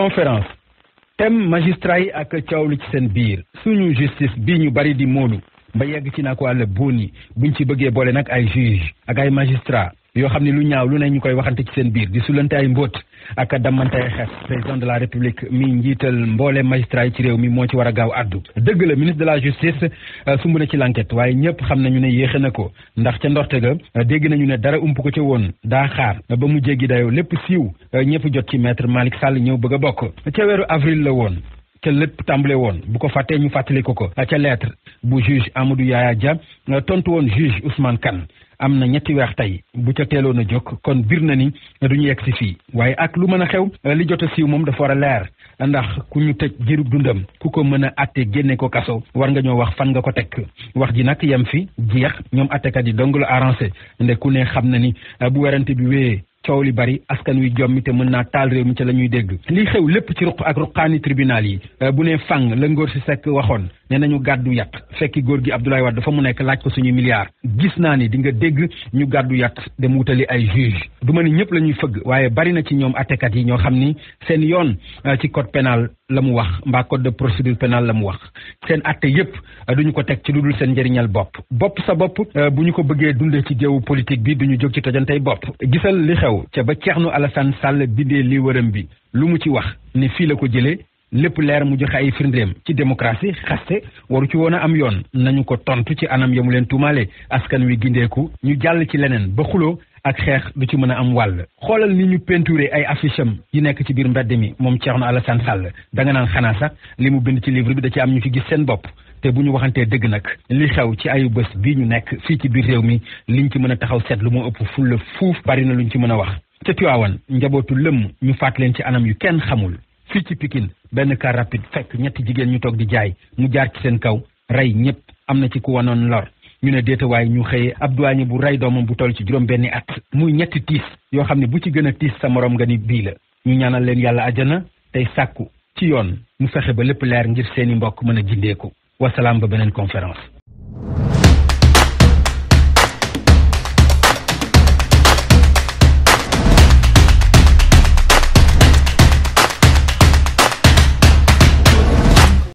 conférence thème magistrat yi ak coow lu ci seen biir suñu justice bii ñu bari di moolu ba yegg ci naa ko àll buun yi buñ ci bëggee boole nag ay juge ak ay magistrat yoo xam ne lu ñaaw lu ne ñu koy waxante ci seen biir di sulante ay mbóot ak dammante ay xeet président de la république mi njiital mboole magistrat yi ci réew mi moo ci war a gaaw addu dëgg la ministre de la justice euh, sumb na ci l'enquête waaye ñëpp xam nañu ne yéexe na ko ndax ca ndorte ga euh, dégg nañu ne dara ump ko ca woon daa xaar euh, ba mu jéggi dayo lépp siiw ñëpp jot ci maître Malick Sall ñëw bëgg a bokk ca weeru avril la woon ca lépp tàmbale woon bu ko fàttee ñu fàttali ko ko ca lettre bu juge Amadou Yaya Dia tontu woon juge Ousmane kan am na ñetti weex tey bu ca teeloon a jóg kon biir na ni du ñu yegg fii waaye ak lu mën a xew li jot a siiw moom dafa war a leer ndax ku ñu tëj jirub dundam ku ko mën a atte génne ko kaso war nga ñoo wax fan nga ko teg wax ji nag yem fi jeex ñoom attekat yi dong la arrangé nde ku ne xam na ni eh, bu werante bi wée coow li bari askan wi jommi te mën naa taal réew mi ca la ñuy dégg lii xew lépp ci ruq ak ruqaani tribunal yi eh, bu ne fang la ngóor si sekk waxoon ne nañu gàddu yàtt fekki góor gi Abdoulaye Wade dafa mu nekk laaj ko suñu milliards gis naa ni di nga dégg ñu gàddu yàtt dem wutali ay juge du ma ne ñëpp la ñuy fëgg waaye bari na ci ñoom attekat yi ñoo xam ni seen yoon euh, ci code penal la mu wax mbaa code de procédure pénale la mu wax seen atte yëpp euh, duñu ko teg ci lu dul seen njëriñal bopp bopp sa bopp euh, bu ñu ko bëggee dundee ci géewu politique bi duñu jóg ci tojantey bopp gisal li xew ca ba Thierno Alassane Sall bindee li wërëm bi lu mu ci wax ni fii la ko jëlee lépp leer mu joxe ay firndeem ci démocratie xaste waru ci woon a am yoon nañu ko tontu ci anam yamu leen tuumaale askan wi gindeeku ñu jàll ci leneen ba xuloo ak xeex du ci mën a am wàll xoolal ni ñu peinturé ay affiche am yi nekk ci biir mbedd mi moom ceex Alassane Sall da nga naan xanaa sax li mu bind ci livre bi da ci am ñu ci gis seen bopp te bu ñu waxantee dëgg nag li xew ci ayu bés bii ñu nekk fii ci biir réew mi ñu ci mën a taxaw seet lu mu ëpp fulla bari na luñ ci mën a wax ca Tiwaawan njabootu lëmm ñu faat leen ci anam yu kenn xamul fii ci Pikine benn car rapide fekk ñetti jigéen ñu toog di jaay mu jaar ci seen kaw rey ñëpp am na ci ku wanoon lor ñu ne déetawaay ñu xëyee ab douanier bu rey doomam bu toll ci juróom benni at muy ñetti tiis yoo xam ne bu ci gën a tiis sa moroom nga ni bii la ñu ñaanal leen yàlla ajana tey sàkku ci yoon mu fexe ba lépp leer ngir seeni mbokk mën a jindee ko wasalaam ba beneen conférence